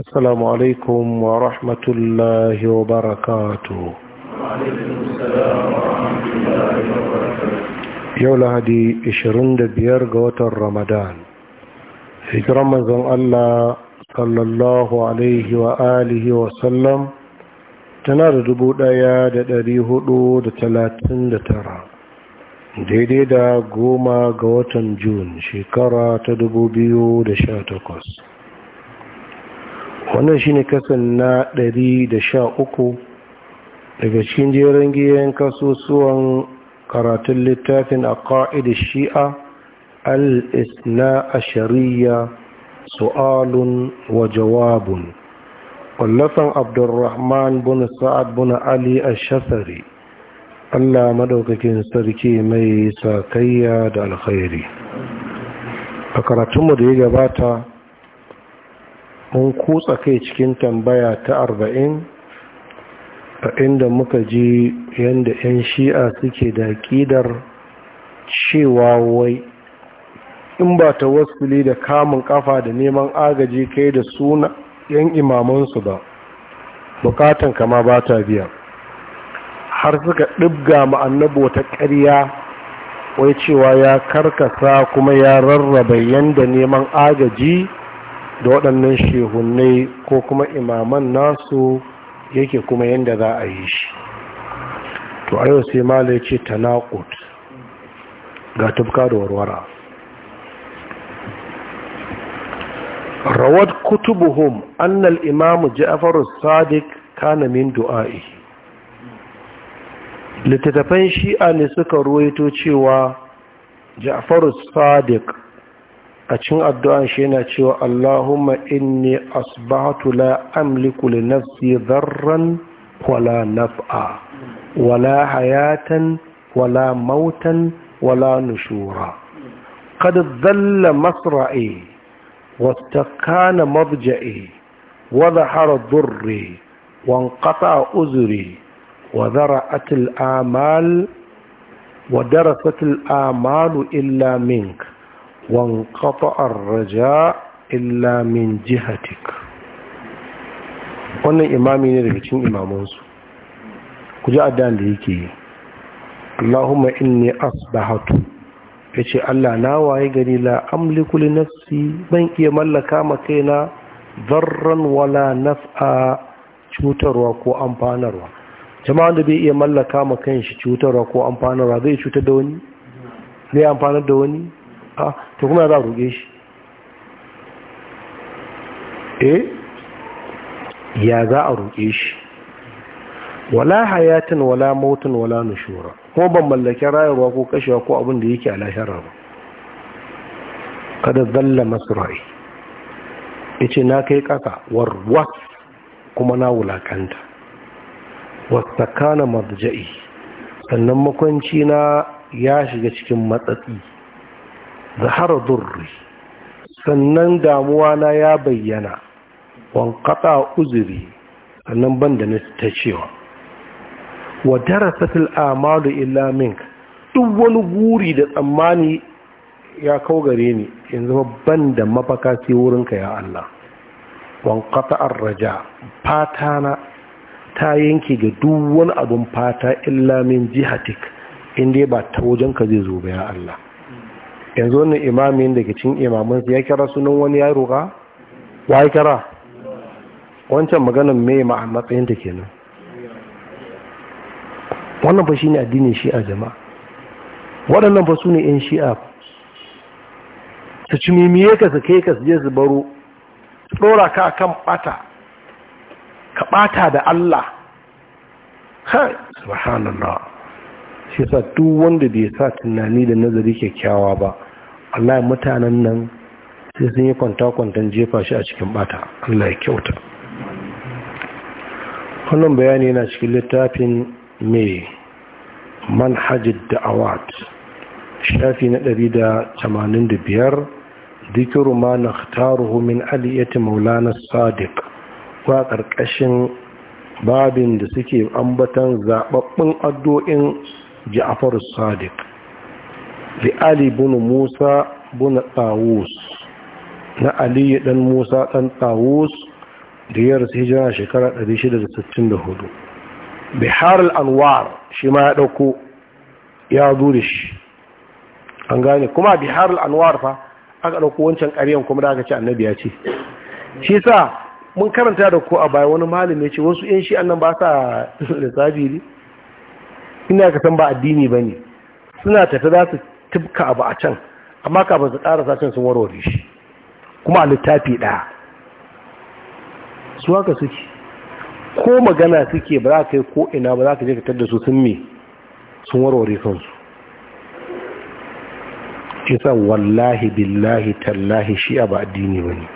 السلام عليكم ورحمة الله وبركاته yau lahadi biyar ga watan ramadan hijiran manzon Allah sallallahu alaihi wa alihi wa sallam tana da dubu ɗaya da ɗari hudu da talatin da tara daidai da goma ga watan Jun shekara ta dubu biyu da sha takwas wannan shi ne kasan na 113 daga cikin jerin giyan kasusuwan karatun littafin a ƙa'idar shi'a al-isna a shari'a su'alun wa jawabun ƙwallafan abdurrahman bin sa'ad bin ali a shasari allah maɗaukakin sarki mai sakayya da alkhairi a karatunmu da ya gabata mun kutsa kai cikin tambaya ta arba'in a inda muka ji yadda 'yan shi'a suke da ƙidar cewa wai in ba ta wasuli da kamun kafa da neman agaji kai da suna 'yan imamansu ba bukatan kama ba ta biya har suka ɗibga ma'annabo ta ƙarya wai cewa ya karkasa kuma ya rarraba yadda neman agaji da waɗannan shehunai ko kuma imaman nasu yake kuma yadda za a yi shi to a yau sai mala ce tanakut ga tufka da warwara Rawar kutubuhum annal imamu ja'afarus sadiq kana min du'a'i littattafan shi'a ne suka ruwaito cewa ja'afarus sadiq a cin addu'an shi yana cewa Allahumma inni asbahatu la amliku li nafsi dharran wala naf'a wala hayatan wala mautan wala nushura qad dhalla masra'i wastakana mabja'i wa dhahara dhurri وانقطع أزري wa الآمال ودرست الآمال إلا منك wanqata raja illa min jihatik wannan imami ne daga cikin imamansu ku ji addan da yake yi Allahumma inni asbahatu yace Allah na waye gari la amliku li nafsi ban iya mallaka ma kaina darran wala naf'a cutarwa ko amfanarwa jama'an da bai iya mallaka ma kanshi cutarwa ko amfanarwa zai cutar da wani zai amfanar da wani a ah, to kuma za a roƙe shi eh? ya za a roƙe shi wala hayatin wala mautin wala nushura kuma ban mallaki rayuwa ko kashewa ko abin da yake a ba kada zalla masra'i yace na kai kaka warwas kuma na wulakanta wasakana marja'i sannan makwanci na ya shiga cikin matsatsi zahara durri sannan damuwa na ya bayyana wankata uzuri sannan banda da na ta cewa wa darasatul amalu illa mink duk wani guri da tsammani ya kau gare ni yanzu ban da mafaka sai wurinka ya Allah wankata raja, fata na ta yanke ga duk wani abun fata illa min jihatik inda ba ta wajenka zai zo ba ya Allah yanzu wani imamin da ke cin imamansu ya kira sunan wani ya roƙa wa ya kira wancan maganan mai ma'an matsayin ta kenan wannan fa shine addinin shi'a jama'a waɗannan fa su ne 'yan shi'a su cimimiye ka su kai ka su je su baro su ɗora ka kan ɓata ka ɓata da Allah ha subhanallah shi sa duk wanda bai sa tunani da nazari kyakkyawa ba Allah mutanen nan sai sun yi kwanta-kwantan jefa shi a cikin bata Allah ya kyauta wannan bayani yana cikin littafin mai manhajid awad shafi na ɗari da da tamanin biyar, dikiru ma na taruhu min aliyyati maulana sadiq wa ƙarƙashin babin da suke ambatan zaɓaɓɓun addu'in ja'far as-sadiq li ali ibn musa ibn tawus na ali dan musa dan tawus da ya rasu hijira shekara 664 bihar al-anwar shi ya dauko ya da shi an gane kuma bihar al-anwar fa aka ɗauko wancan ƙaryan kuma da aka ce annabi ya ce shi sa mun karanta da ku a baya wani malami ce wasu yan shi annan ba sa lissafi ina ya san ba addini ba ne suna tafi za su tubka abu a can amma kafin su ƙara can sun warware shi kuma a littafi ɗaya su haka suke ko magana suke ba za ka yi ko ina ba za ka je ka da su sun me sun warware kansu kisa wallahi billahi tallahi shi'a ba addini ba ne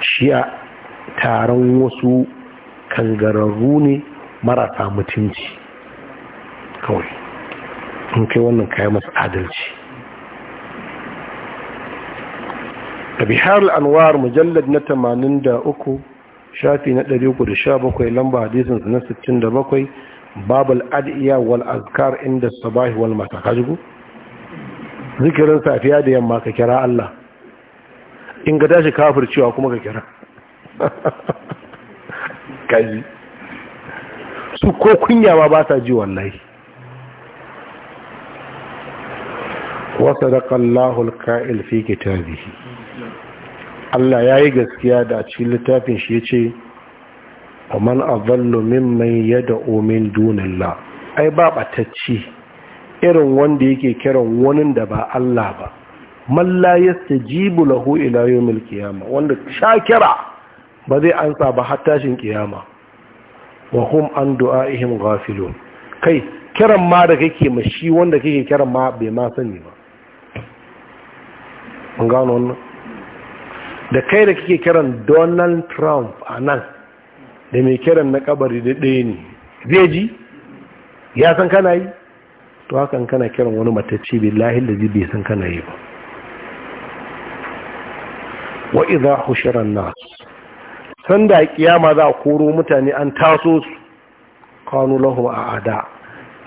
shi'a taron wasu kangararru ne marasa mutunci sun kai wannan kayan masu adalci da bihar anwar mujallad na 83 shafi na 317 lamba hadisin na 67 babal adiya wal azkar inda sabahi wal mata kajigu zikirin safiya da yamma ka kira Allah in ga tashi kafir cewa kuma ka kira kaji su ko kunya ba ba sa ji wallahi وصدق الله القائل في كتابه Allah ya yi gaskiya da a cikin littafin shi ya ce, "Oman azallu mimman yada omen dunilla, ai ba batacci irin wanda yake kiran wani da ba Allah ba, malla ya jibu lahu ilayo mil kiyama, wanda kira ba zai ansa ba hattashin kiyama, wa hum an du'a ihim Kai, kiran ma da kake ma shi wanda kake kiran ma bai ma sani ba. an gano wannan da kai da kike kiran donald trump a nan da mai kiran na kabari da ɗaya ne zai ji ya san kana yi to hakan kana kiran wani bai lahil da zai bai san kana yi ba wa iza hushira nasu san da kiyama za a koro mutane an taso su kanu lahum ada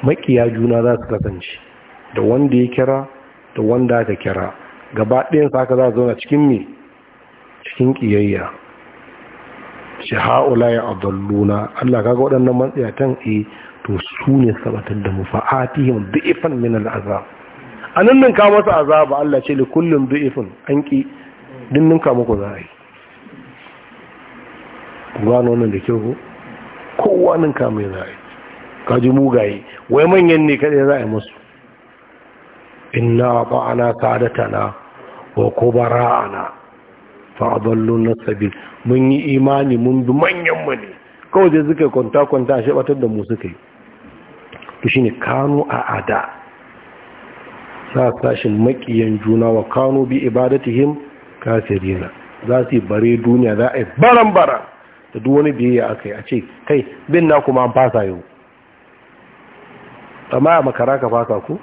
makiya juna za su kasance da wanda ya kira da wanda aka kira gaba ɗayan sa ka za zauna cikin mi. cikin ƙiyayya. shi ha'ula ya adalluna Allah kaga waɗannan matsiyatan e to su ne sabatar da mu fa'atihim du'ifan min al'azab A nan kawo masa azaba Allah ce li kullum du'ifun an ƙi din nan muku za a yi gano wannan da kyau kowa ninka mai za a yi kaji mugaye wai manyan ne kaɗai za a yi musu inna ba'ana sadatana wa kubara'ana fa sabil mun yi imani mun bi manyan mu ne kawai da suka kwanta kwanta a batar da mu suka yi to shine kanu a ada sa sashin makiyan juna wa kanu bi ibadatihim kafirina za su bare duniya za a yi baran baran da duk wani biyayya aka yi a ce kai bin na kuma an fasa yau amma a makara ka fasa ku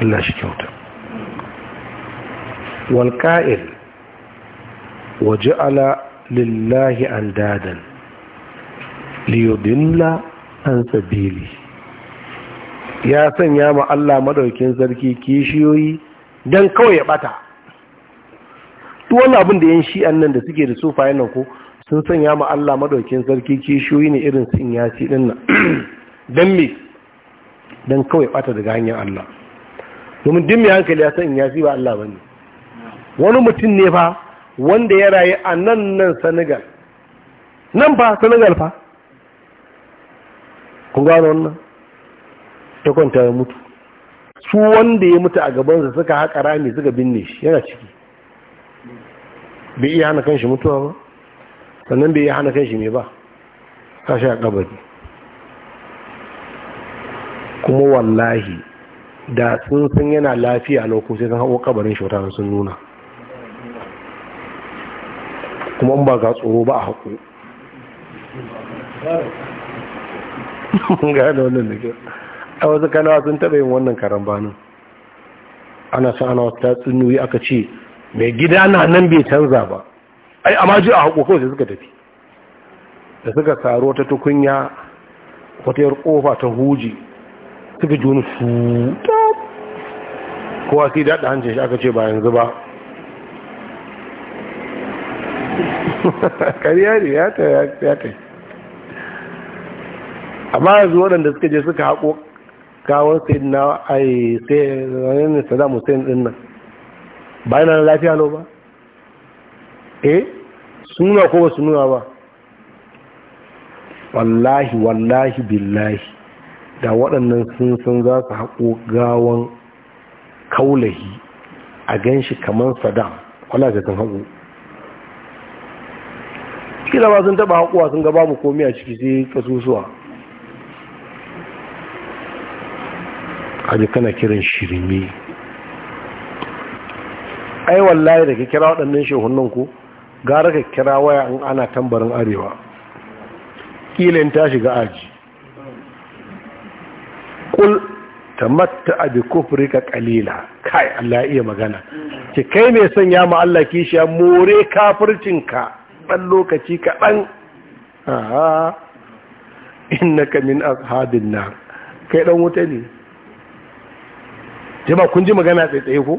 Allah shi kyauta والقائل وجعل lillahi andadan liyudilla an sabili ya sanya ma Allah madaukin sarki kishiyoyi dan kawai ya bata duk wani abin da yan shi'an nan da suke da sufayen nan ko sun sanya ma Allah madaukin sarki kishiyoyi ne irin su in yasi din nan dan me dan kawai bata daga hanyar Allah domin dimmi hankali ya san in yasi ba Allah bane wani mutum ne fa wanda ya rayu a nan nan senegal nan fa senegal fa kun gano wannan ta kwanta ya mutu su wanda ya mutu a gabansa suka haƙa rami suka binne shi yana ciki bai iya hana kanshi mutuwa ba sannan bai iya hana kanshi mai ba sashi a kabari kuma wallahi da sun san yana lafiya lokacin sun haƙo kabarin shautar sun nuna kuma ba ga tsoro ba a haƙo gane wannan da kyau a wasu kanawa sun taɓa yin wannan karambanin ana sa ana wata tsinuyi aka ce mai gida na nan bai canza ba ai amma ji a haƙo kawai suka tafi da suka saro ta tukunya wata yar kofa ta huji suka ji wani su kowa sai daɗa hancin shi aka ce ba yanzu ba ƙarya ne ya ta ya ta amma yanzu waɗanda suka je suka haƙo kawon sai na ai sai wani saddam hussein ɗin nan bayan na lafiya lau ba eh suna ko ba su nuna ba wallahi wallahi billahi da waɗannan sun san za su haƙo gawan kaulahi a gan shi kamar saddam wallahi sun haƙo kila ba sun taba haƙuwa sun ga babu komai a ciki sai kasusuwa aji kana kiran shirme ai wallahi da ke kira waɗannan shehunan ku gara ka kira waya in ana tambarin arewa kila ta shiga aji kul tamatta abi ka kalila kai Allah iya magana ki kai mai sanya ma Allah kishiya more kafircinka ɗan lokaci kaɗan aha innaka min ashabin nar kai ɗan wuta ne jama kun ji magana tsaye ko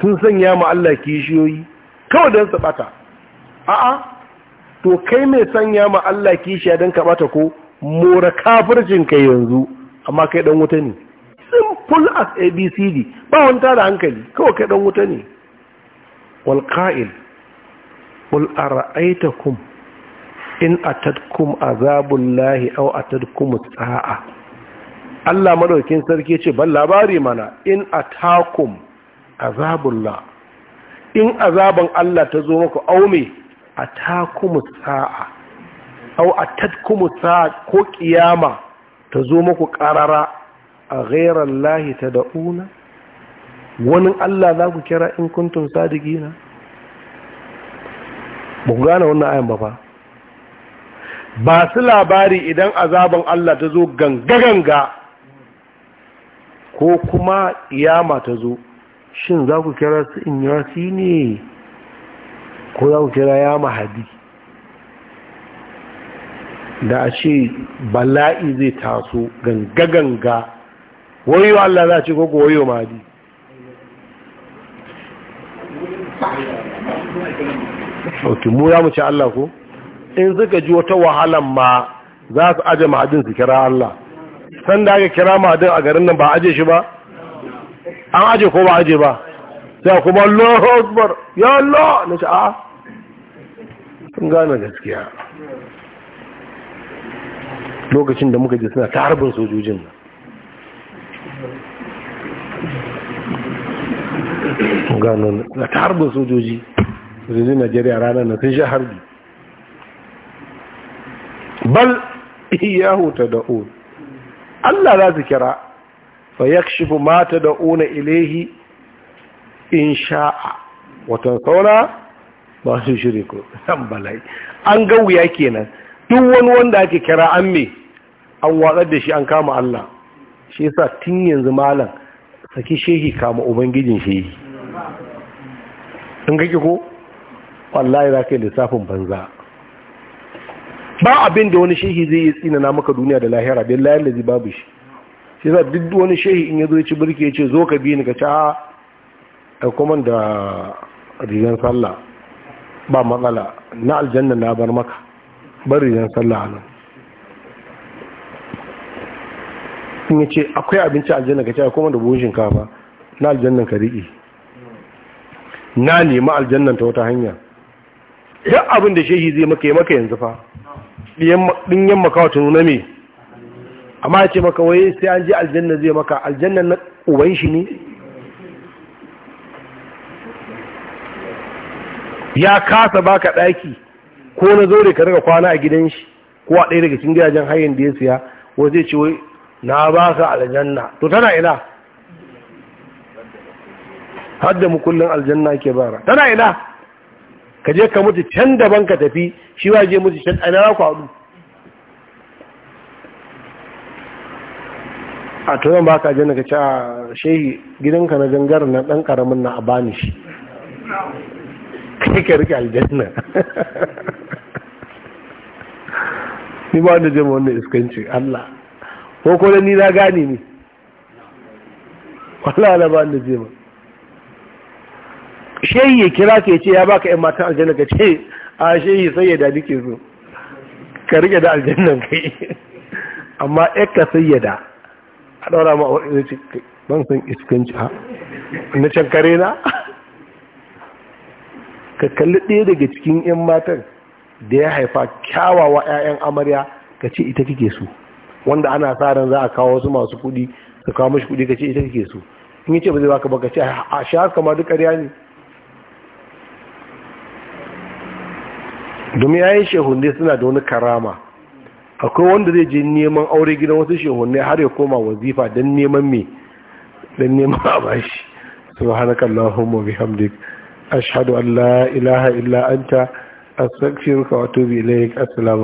sun sanya mu Allah kishiyoyi kawai don su bata a'a to kai mai sanya ma Allah kishiya don ka bata ko mora kafircin kai yanzu amma kai dan wuta ne simple as abcd ba wani tara hankali kawai kai dan wuta ne wal qa'il qul ara'aytakum in atatkum azabullahi aw atatkum sa'a Allah madaukin sarki ce ban labari mana in atakum azabullah in azaban Allah ta zo muku aume atakum sa'a aw atatkum sa'a ko kiyama ta zo muku karara a ghayra Allah tad'una Wannan Allah za ku kira in kuntum sadiqina ba gane wannan ayan ba fa ba su labari idan azaban Allah ta zo ganga-ganga ko kuma iyama ta zo shin za ku kira su in yasi ne ko za ku kira ya mahadi da a ce bala'i zai taso ganga-ganga wayo Allah za ce ko wayo mahadi ok mu ya mu ci Allah ko in suka ji wata wahalan ma za su aje ma'adin su kira Allah san da aka kira ma'adin a garin nan ba aje shi ba an aje ko ba aje ba sai kuma Allahu Akbar ya Allah na ce a sun gane gaskiya lokacin da muka ji suna ta harbin sojojin nan gano na tarbin sojoji rizin najeriya ranar na sun sha harbi bal huta ta un allah za su kira fa yakshifu ma ta una ilahi in sha'a watan saura ba su shiri ko san balai an ga wuya kenan duk wani wanda ake kira an me an watsar da shi an kama allah shi yasa tun yanzu malam saki shehi kama ubangijin shehi An kake ko wallahi za ka yi lissafin banza ba abin da wani shehi zai yi tsinana maka duniya da lahira bin layar da babu shi shi za duk wani shehi in ya zo ci birki ya ce zo ka biyu ni ka ci a kuma da rigan sallah ba matsala na aljanna na bar maka bar rigan sallah a nan in ya ce akwai abinci aljanna ka ci a kuma da buhun shinkafa na aljannan ka riƙe na nemi aljannan ta wata hanya Yan abin da shehi zai maka yi maka yanzu fa ɗinyen makawa nuna me amma ce maka wai sai an ji aljanna zai maka aljanna na uban shi ne ya kasa baka ɗaki ko na zo ka daga kwana a gidan shi ko a ɗaya daga cikin gidajen hayan da ya siya ko zai ce wai na ba ka aljanna to tana ina hadda mu aljanna ke bara tana ina ka je ka mutu can daban ka tafi shi wa je mutu can ana ku haɗu a tunan ba ka je na ka ci a shehi gidanka na jangar na ɗan ƙaramin na a bani shi kai ka rike aljanna ni ba wanda jama wannan iskanci Allah ko ko ni na gane ne wala na ba wanda jama shehi ya kira ka ce ya baka yan matan aljanna ka ce a shehi sai ya duke ke zo ka rike da aljanna kai amma ka sayyada a daura ma wani ce ban san iskanci ha na can kare na ka kalli ɗaya daga cikin yan matan da ya haifa kyawawa 'ya'yan amarya ka ce ita kike su wanda ana sa ran za a kawo wasu masu kuɗi ka kawo mashi kuɗi ka ce ita kake su in ce ba zai baka baka ce a sha kama duk ƙarya ne domin yayin shehunne suna da wani karama akwai wanda zai je neman aure gidan wasu shehunne har ya koma wazifa don neman me don neman abashi subhanaka allahumma bihamdik ashhadu an la ilaha illa anta astaghfiruka wa atubu ilayk assalamu